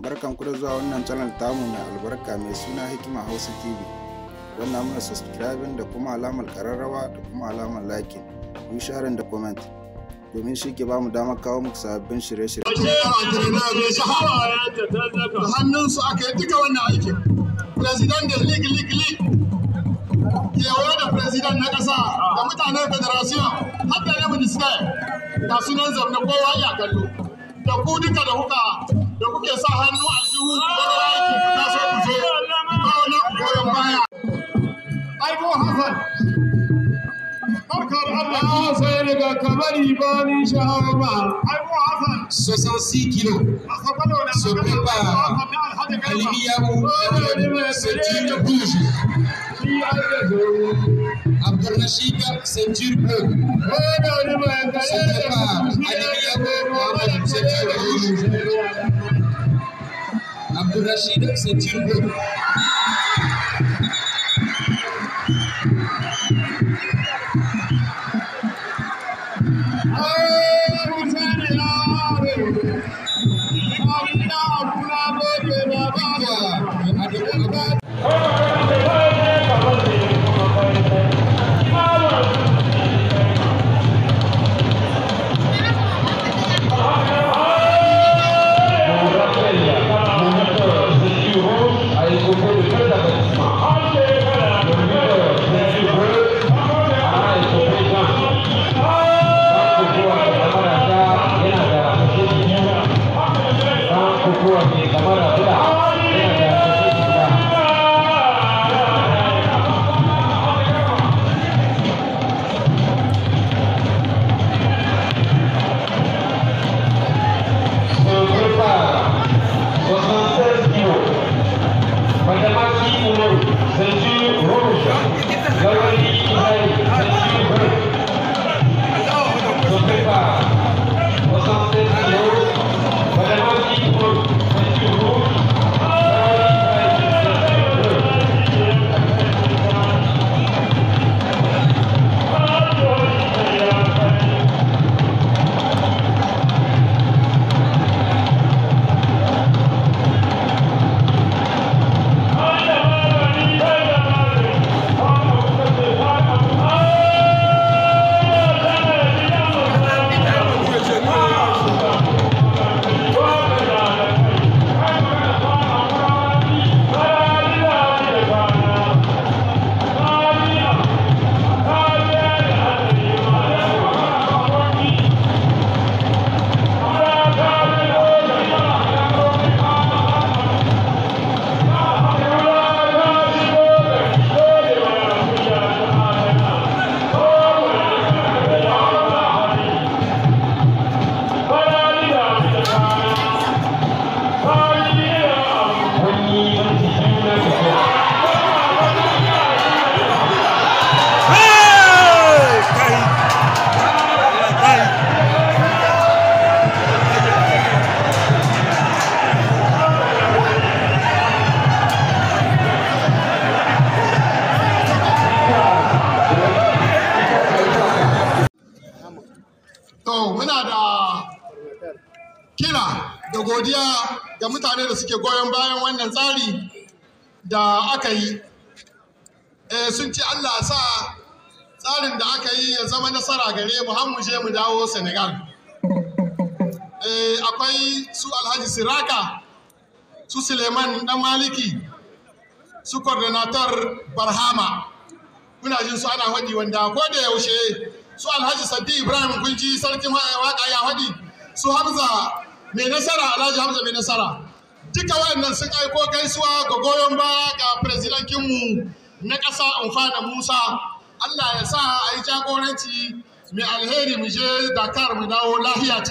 barkan ku da zuwa wannan channel tamu mai albarka mai suna hikima hausa tv wannan muna subscribing da kuma alamar kararrawa da kuma alamar liking ku yi sharing da comment domin shi ke bamu damar kawo muku sababbin shirye-shirye. da hannunsu aka yi duka wannan aikin president da league league league da president na kasa. da mutanen federation har da na minister da sunan zaune kowa ya kallo da ku duka da kuka kuke sa hannu a zuhu ku bar ku taso ku je ku kawo ku goyon baya aibo hasan barkar Allah sai daga bani sha'aba aibo hasan 66 kilo na shi da sun godiya ga mutane da suke goyon bayan wannan tsari da aka yi eh, sun ci allah sa tsarin da aka yi ya zama nasara gare mu har mu je mu dawo senegal eh, akwai su alhaji siraka su suleiman dan maliki su coordinator barhama kuna jin su ana haɗi wanda ko da yaushe su alhaji sadi ibrahim ji sarkin waka ya haɗi su hamza mai nasara alhaji hamza mai nasara duka wayannan sun aiko gaisuwa ga goyon baya ga mu na ƙasa amfana musa allah ya sa a yi jagoranci mai alheri mu je dakar mu dawo lahiya ce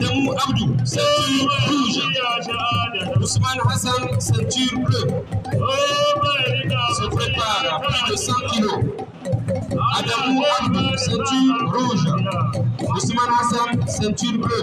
Adamu Abdu, Century Rouge. Ousmane Hassan, Century Bleu. Se prépare à plus de 100 kilos. Adamu Abdu, Century Rouge. Ousmane Hassan, Century Bleu.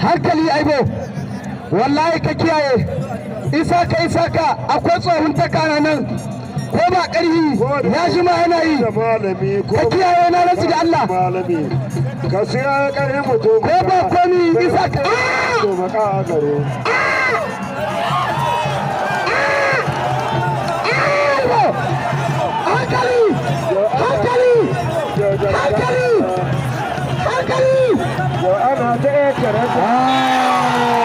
hankali aibo wallahi ka kiyaye isa ka isa ka akwai tsohon takara nan ko ba ƙarfi ya shi ma yana yi ka kiyaye na rasu da Allah ko ba komi isa ka hankali hankali hankali I'm answer it. Wow.